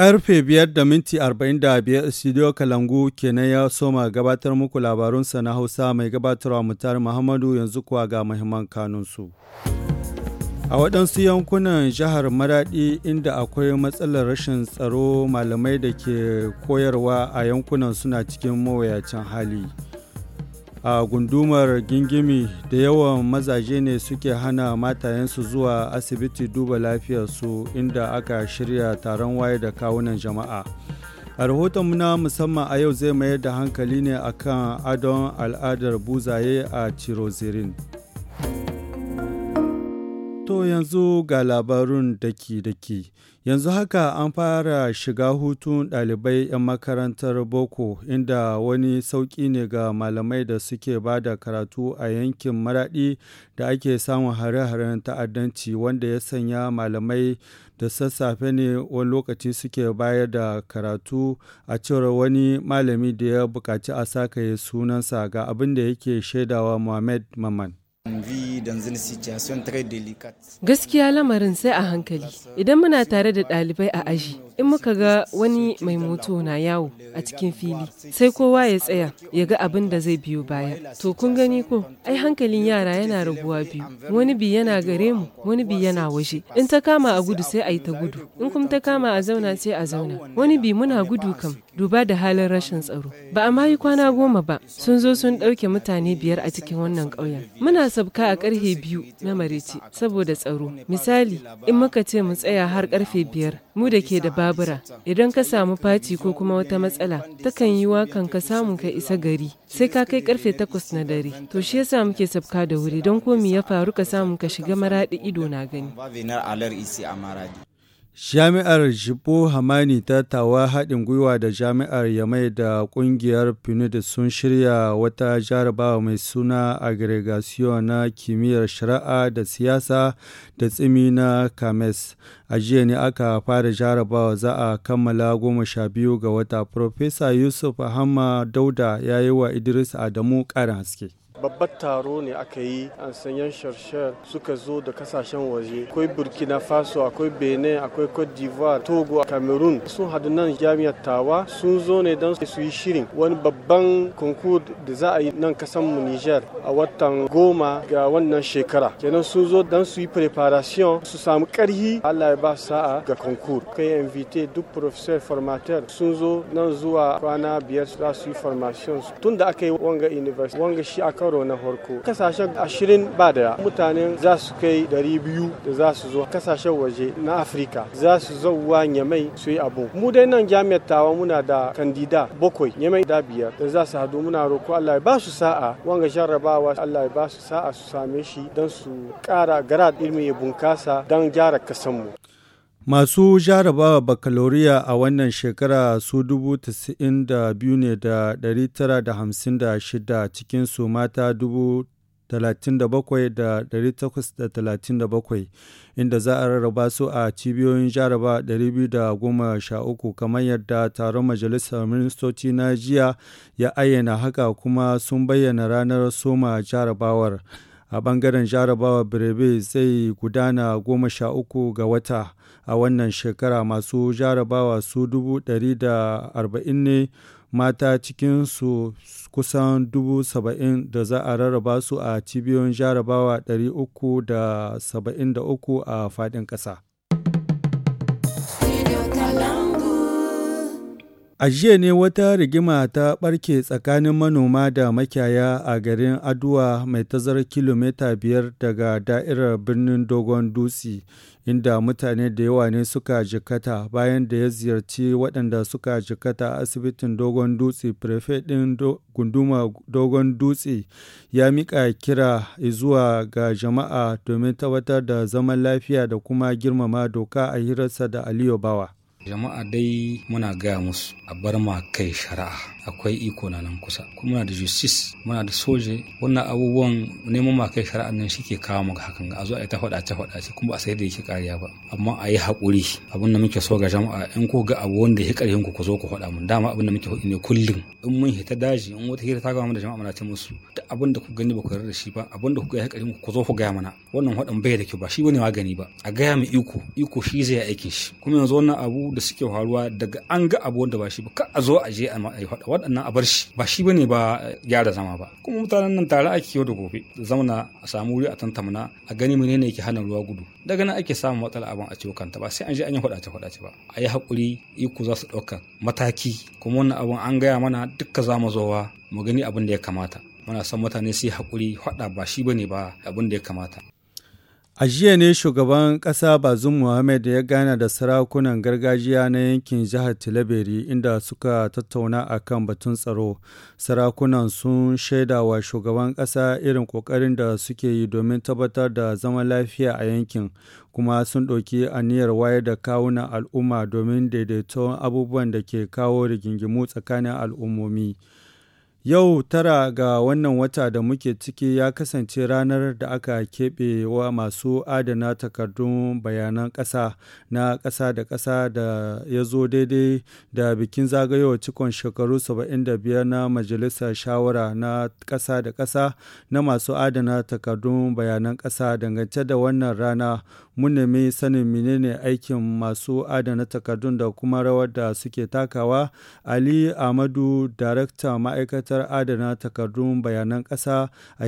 Karfe biyar da minti arba'in Studio Kalangu kenan ya soma gabatar muku labarunsa na Hausa mai gabatarwa mutar Muhammadu yanzu kuwa ga muhimman kanunsu. A waɗansu yankunan jihar Maraɗi inda akwai matsalar rashin tsaro malamai da ke koyarwa a yankunan suna cikin mawuyacin hali. a gundumar gingimi da yawan mazaje ne suke hana matayensu zuwa asibiti duba lafiyarsu inda aka shirya taron waye da kawunan jama'a a rahoton na musamman a yau zai mayar da hankali ne akan adon al'adar buzaye a cirozirin yanzu ga labarun daki-daki. Yanzu haka an fara shiga hutun ɗalibai 'yan makarantar Boko inda wani sauƙi ne ga malamai da suke ba da karatu a yankin maraɗi da ake samun hare-haren ta'addanci wanda ya sanya malamai da sassafe ne wani lokaci suke bayar da karatu a cewar wani malami da ya buƙaci a sakaye sunansa ga abin da yake shaidawa Mohamed Maman. Gaskiya lamarin sai a hankali. Idan muna tare da ɗalibai a aji, in muka ga wani mai moto na yawo a cikin fili sai kowa ya tsaya ya ga abin da zai biyo baya to kun gani ko ai hankalin yara yana raguwa biyu wani bi yana gare mu wani bi yana waje in ta kama a gudu sai a yi ta gudu in kuma ta kama a zauna sai a zauna wani bi muna gudu kam duba da halin rashin tsaro ba a mayi kwana goma ba sun zo sun ɗauke mutane biyar a cikin wannan ƙauyen muna sabka a ƙarfe biyu na marece saboda tsaro misali in muka ce mu tsaya har ƙarfe biyar mu da ke da babura idan ka samu faci ko kuma wata matsala takan yi wakan ka samu ka isa gari sai ka kai karfe takwas na dare to shi yasa muke sabka da wuri don komi ya faru ka samu ka shiga maraɗi ido na gani Jami'ar Jibo Hamani ta tawa haɗin gwiwa da Jami'ar Yamai da ƙungiyar PNUD sun shirya wata jarabawa mai suna agregasiyo na kimiyyar shari'a da siyasa da tsimi na Kames. A jiya ne aka fara jarabawa za a kammala goma sha biyu ga wata. Profesa Yusuf Hamma Dauda ya yi wa Idris Adamu ƙarin haske. babbar taro ne aka yi an sanyan sharshar suka zo da kasashen waje akwai burkina faso akwai benin akwai cote d'ivoire togo cameroon sun hadu nan jami'ar tawa sun zo ne don su yi shirin wani babban konkur da za a yi nan kasan mu niger a watan goma ga wannan shekara kenan sun zo don su yi preparation su samu karhi allah ya ba sa'a ga konkur kai invite duk professeur formateur sun zo nan zuwa kwana biyar za su yi formation tun da aka yi wanga university wanga shi aka karo na farko kasashen ashirin ba da mutanen za su kai dari biyu da za su zo kasashen waje na afirka za su zauwa nyamai su yi abu mu dai nan jami'ar tawa muna da kandida bakwai nyamai da biyar da za su hadu muna roko allah ya ba su sa'a wanga jarrabawa allah ya ba su sa'a su same shi don su kara gara ilimin ya bunkasa don gyara kasanmu Masu jarabawa bakaloriya a wannan shekara su biyu ne da cikin cikinsu mata 37,837 inda za a rarraba su a cibiyoyin jaraba uku kamar yadda taron majalisar ministoci na jiya ya ayyana haka kuma sun bayyana ranar soma jarabawar. a ɓangaren jarabawa birebe zai gudana goma sha uku ga wata a wannan shekara masu jarabawa su dubu ɗari da arba'in ne mata cikin su kusan dubu saba'in da za a rarraba su a cibiyoyin jarabawa ɗari uku da saba'in da uku a faɗin ƙasa A jiya ne wata rigima ta ɓarke tsakanin manoma da makiyaya a garin Aduwa mai tazar kilomita biyar daga da'irar birnin Dogon Dutse, inda mutane da yawa ne suka jikata bayan da ya ziyarci waɗanda suka jikata a asibitin Dogon Dutse, prefet ɗin gunduma Dogon Dutse ya miƙa kira zuwa ga jama'a domin tabbatar da zaman lafiya da kuma girmama doka a hirarsa da Aliyu Bawa. jama'a dai muna gaya musu a bar ma kai shari'a akwai iko na nan kusa kuma muna da justice muna da soje wannan abubuwan neman ma kai shari'a nan shike kawo mu hakan ga a zo a ta faɗa ta faɗa ce kuma a sai da yake kariya ba amma a yi haƙuri abin da muke so ga jama'a in ko ga abu wanda ya ƙarfin ku ku zo ku faɗa mu dama abin da muke faɗi ne kullum in mun hita daji in wata hira ta gama da jama'a muna ce musu da abin da ku gani ba ku yarda da shi ba abin da ku ga ya ƙarfin ku ku zo ku gaya mana wannan faɗan bai da kyau ba shi bane gani ba a gaya mu iko iko shi zai aikin shi kuma yanzu wannan abu da suke faruwa daga an ga abu wanda ba shi ba ka a zo a je a faɗa waɗannan a bar shi ba shi bane ba eh, gyara zama ba kuma mutanen nan tare ake yau da gobe zamana a samu wuri a tantamna a gani menene yake hana ruwa gudu daga nan ake samun matsala abin a ciwo kanta ba sai an je an yi faɗace faɗace ba a yi hakuri iko za su ɗauka mataki kuma wannan abin an gaya mana dukka za mu zowa mu gani abin da ya kamata muna son mutane su yi haƙuri faɗa ba shi bane ba abin da ya kamata A jiya ne shugaban ƙasa Bazum Muhammad ya gana da sarakunan gargajiya na yankin jihar Tilaberi inda suka tattauna a kan batun tsaro. Sarakunan sun shaida wa shugaban ƙasa irin ƙoƙarin da suke yi domin tabbatar da zaman lafiya a yankin, kuma sun ɗauki aniyar wayar da kawunan al'umma domin daidaito abubuwan da ke kawo rigingimu tsakanin al'ummomi. Yau tara ga wannan wata da muke ciki ya kasance ranar da aka keɓe wa masu adana takardun bayanan ƙasa na ƙasa da ƙasa da ya zo daidai da bikin zagayowa cikon shekaru 75 na Majalisar Shawara na ƙasa da ƙasa na masu adana takardun bayanan ƙasa dangance da wannan rana mun nemi sanin menene aikin masu adana takardun da kuma rawar da suke takawa ali amadu darakta ma'aikatar adana takardun bayanan ƙasa a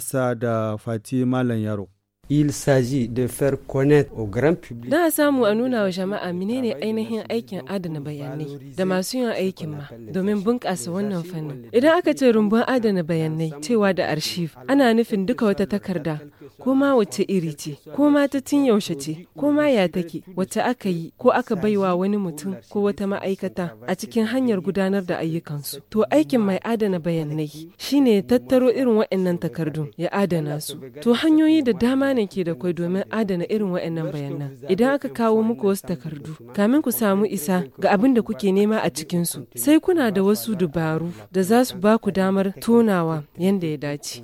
sa da fati malam yaro Il s'agit de faire connaître au grand public. Da samu a nuna wa jama'a menene ainihin aikin adana bayanai da masu yin aikin ma domin bunƙasa wannan fanni Idan aka ce rumbun adana bayanai cewa da archive ana nufin duka wata takarda ko ma wace iri ce ko ma ta tun yaushe ce ko ma ya take wacce aka yi ko aka baiwa wani mutum ko wata ma'aikata a cikin hanyar gudanar da ayyukansu. To aikin mai adana bayanai shine ya tattaro irin waɗannan takardun ya adana su. To hanyoyi da dama ne ke da kwai domin adana irin waɗannan bayanan. Idan aka kawo muku wasu takardu, kamin ku samu isa ga abin da kuke nema a cikinsu, sai kuna da wasu dubaru da za su ba ku damar tonawa yadda ya dace.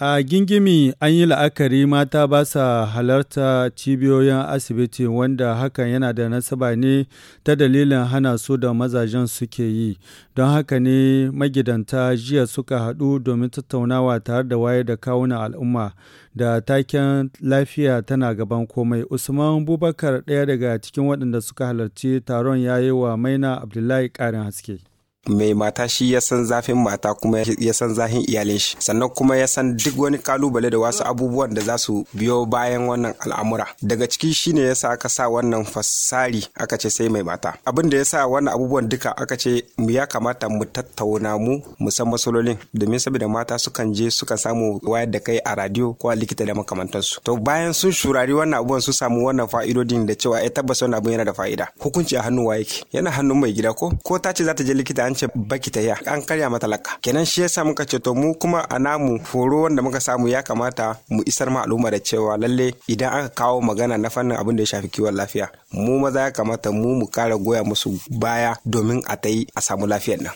A gingimi an yi la'akari mata ba sa halarta cibiyoyin asibiti wanda hakan yana da nasaba ne ta dalilin hana su da mazajen suke yi. Don haka ne magidanta jiya suka haɗu domin tattaunawa tare da wayar da kawunan al'umma da taken lafiya tana gaban komai. Usman Bubakar ɗaya daga cikin waɗanda suka halarci taron ya yi wa Maina Abdullahi ƙarin haske. mai mata shi ya san zafin mata kuma ya san zafin iyalin shi sannan kuma ya san duk wani kalubale da wasu abubuwan da za su biyo bayan wannan al'amura daga ciki shine ya sa aka sa wannan fasari aka ce sai mai mata abin da ya sa wannan abubuwan duka aka ce mu ya kamata mu tattauna mu mu san matsalolin domin saboda mata sukan je sukan samu wayar da kai a radio ko a likita da makamantansu to bayan sun shurari wannan abubuwan su samu wannan fa'idodin da cewa ya eh tabbas wannan abun yana da fa'ida hukunci a hannu wa yake yana hannun mai gida ko ko ta ce za ta je likita an Bakitaya, baki Matalaka, ya an karya mata laka kenan shi yasa muka ce to mu kuma a namu wanda muka samu ya kamata mu isar ma al'umma da cewa lalle idan aka kawo magana na fannin abin da ya shafi lafiya mu maza ya kamata mu mu kara goya musu baya domin a ta a samu lafiyar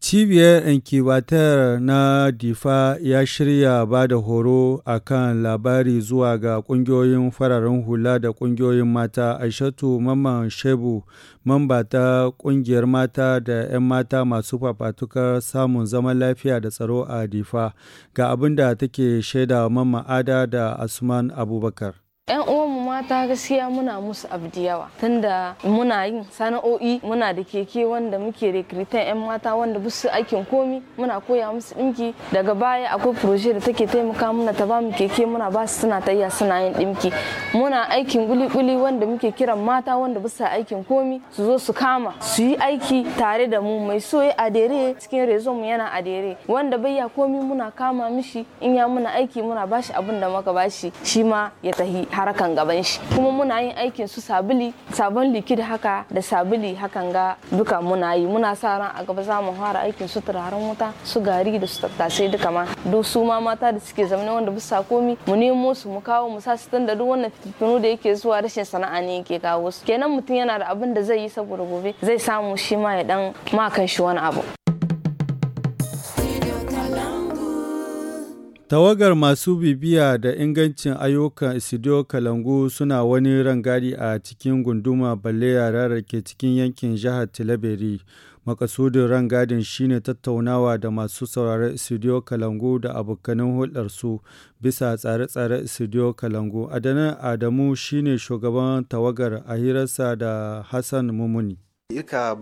Cibiyar Inkibatar na Difa ya shirya ba da horo a kan labari zuwa ga ƙungiyoyin fararen hula da ƙungiyoyin mata. Aishatu Mamman Shebu, mamba ta ƙungiyar mata da 'yan mata masu fafatukar samun zaman lafiya da tsaro a Difa, ga abin da take shaida Mamman Ada da Asman Abubakar. mata gaskiya muna musu abu da yawa tunda muna yin sana'o'i muna da keke wanda muke rekritan 'yan mata wanda busu aikin komi muna koya musu dinki daga baya akwai proje da take taimaka muna ta bamu keke muna ba su suna tayya suna yin dinki muna aikin guli-guli wanda muke kiran mata wanda busu aikin komi su zo su kama su yi aiki tare da mu mai so ya adere cikin rezo mu yana adere wanda bai ya komi muna kama mishi in ya muna aiki muna bashi abin da muka bashi shi ma ya tahi harakan gaba kan shi kuma muna yin aikin su sabuli sabon likid haka da sabuli hakan ga duka muna yi muna sa ran a gaba za mu fara aikin su turaren wuta su gari da su tattasai duka ma duk su ma mata da suke zaune wanda bisa komi mu nemo su mu kawo mu sa su tunda duk wannan fitinu da yake zuwa rashin sana'a ne yake kawo su kenan mutum yana da abin da zai yi saboda gobe zai samu shi ma ya dan ma kan shi wani abu Tawagar masu bibiya da ingancin ayyukan isidio Kalangu suna wani rangadi a cikin gunduma balle yara da ke cikin yankin jihar Tilaberi. Makasudin rangadin shine tattaunawa da masu sauraron Isidio Kalangu da abokanin hulɗarsu bisa tsare-tsare Isidio Kalangu. Adamu shine shugaban tawagar a hirarsa da Hassan Mumuni. Irka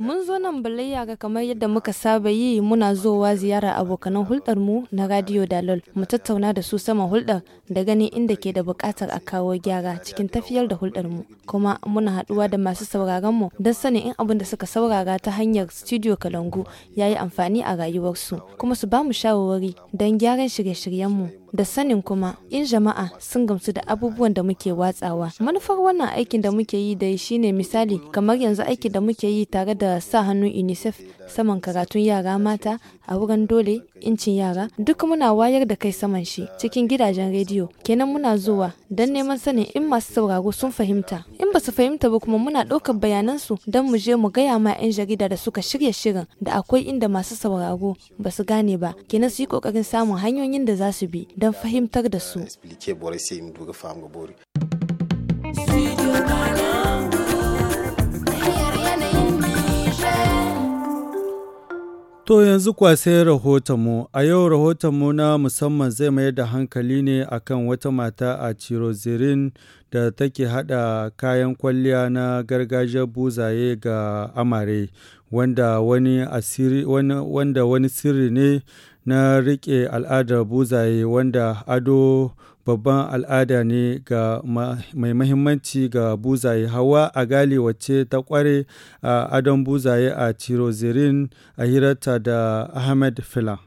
Mun zo nan balle yara kamar yadda muka saba yi muna zowa ziyara abokanan hulɗar mu na Radio Dalol mu tattauna da su sama hulɗar da gani inda ke da buƙatar a kawo gyara cikin tafiyar da hulɗar mu kuma muna haɗuwa da masu sauraron mu don sanin in abin da suka saurara ta hanyar Studio Kalangu yayi amfani a rayuwarsu kuma su ba mu shawarwari don gyaran shirye-shiryen mu. da sanin kuma in jama'a sun gamsu da abubuwan da muke watsawa manufar wannan aikin da muke yi da shine misali kamar yanzu aikin da muke yi tare da sa hannun unicef saman karatun yara mata a wurin dole incin yara duk muna wayar da kai saman shi cikin gidajen rediyo kenan muna zuwa don neman sanin in masu sauraro sun fahimta in ba su fahimta ba kuma muna ɗaukar bayanan su don mu je mu gaya ma 'yan jarida da suka shirya shirin da akwai inda masu sauraro ba su gane ba kenan su yi ƙoƙarin samun hanyoyin da za su bi don fahimtar da su. Studio To yanzu kwa sai rahotonmu, a yau rahotonmu na musamman zai mayar da hankali ne akan wata mata a Cirozirin da take haɗa kayan kwalliya na gargajiyar buzaye ga amare, wanda wani, asiri, wanda wani sirri ne na riƙe al'adar buzaye wanda ado babban al'ada ne ga mai mahimmanci ga buzaye hawa a gali wacce ta kware a adon buzaye a tirozirin a hirarta da ahmed fila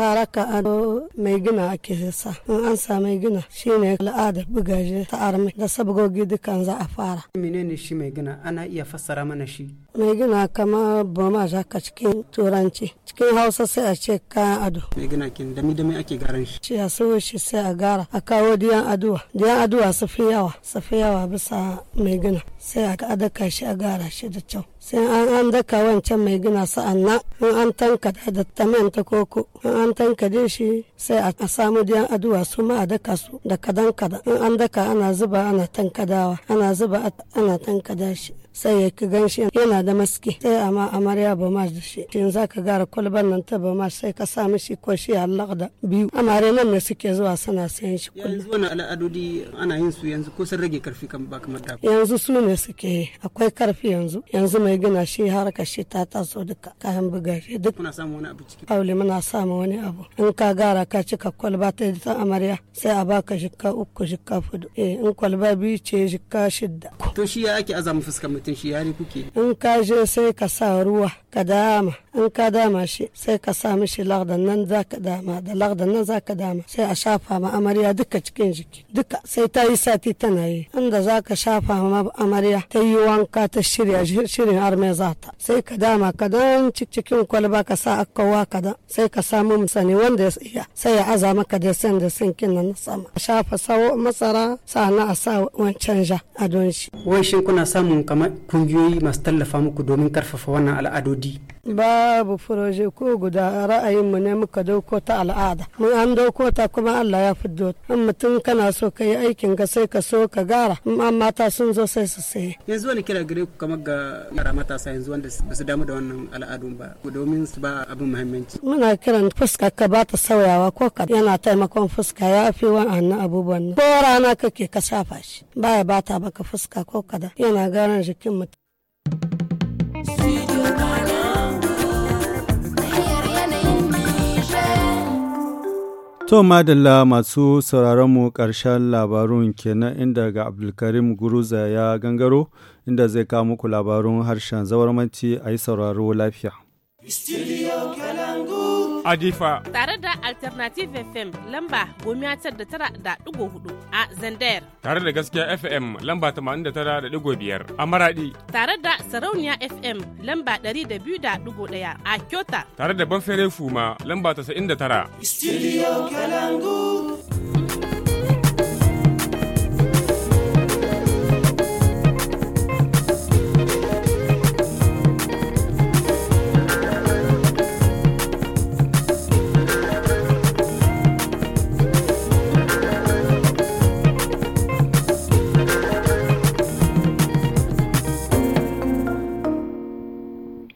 haraka an mai gina ake sa in an sami gina shine al'adar bugaje ta armi da sabgogi dukan za a fara menene shi mai gina ana iya fassara mana shi mai gina kama boma zaka cikin turanci cikin hausa sai a ce kayan ado mai gina kin dami dami ake garan shi shi a so shi sai a gara a kawo diyan aduwa diyan aduwa su fi yawa su fi yawa bisa mai gina sai a adaka shi a gara shi da kyau sai an an daka wancan mai gina na in an tanka da ta koko in an tankade shi sai a samu diyan aduwa su ma a daka su da kadan kada in an daka ana zuba ana tankadawa ana zuba ana tankada shi sai ya ki shi yana da maski sai amma amarya ba ma da shi shin za ka gara kwalban nan ta ba ma sai ka sa mishi ko shi Allah da biyu amare nan ne suke zuwa suna sayan shi kullum yanzu wani al'adodi ana yin su yanzu ko sun rage karfi kan ba kamar da yanzu su ne suke akwai karfi yanzu yanzu mai ya gina shi ka shi ta taso duka han buga shi duk muna samu wani abu ciki aule muna samu wani abu in ka gara ka cika kwalba ta ta amarya sai a baka shika uku shika fudu eh in kwalba biyu ce shika shidda to shi ya ake azama fuskar mutum shi yare kuke in ka je sai ka sa ruwa ka dama in ka dama shi sai ka sa mishi lagdan nan za ka dama da lagdan nan za ka dama sai a shafa ma amarya duka cikin jiki duka sai ta yi sati tana yi inda za ka shafa ma amarya ta yi wanka ta shirya shirya mai za ta sai ka dama ka d'an cikin kwalba ka sa ka d'an. sai ka samu musani wanda ya iya sai ya aza maka da san da sen kinan na sama a shafa sawo masara sana a sa wancan ja a don shi wai shin kuna samun kamar kungiyoyi masu tallafa muku domin karfafa wannan al'adodi babu furoje ko guda mu ne muka dauko ta al'ada mun an dauko ta kuma Allah ya fiddo in mutum kana so ka yi aikin ka sai ka so ka gara amma mata sun zo sai su sai. yanzu wani kira gare ku kamar ga matasa yanzu wanda ba su damu da wannan al'adun ba domin su ba abin muhimmanci. Muna kiran fuska ka ba ta sauyawa ko ka yana taimakon fuska ya fi wa'annan abubuwan Ko rana kake ka shafa shi ba baya ba ta baka fuska ko ka da. yana garan jikin mutum. To madalla masu mu ƙarshen labarun kenan inda ga Abdulkarim Guruza ya gangaro inda zai kawo muku labarun harshen zawarmanci a yi sauraro lafiya. Tare da Alternative FM lamba gomiya tar da tara da digo hudu a Zandayar. Tare da gaskiya FM lamba tamanin da tara da digo biyar a Maradi. Tare da Sarauniya FM lamba dari da biyu da digo daya a Kyota. Tare da Banfere Fuma lamba tasa'in da tara. Studio Kalangu.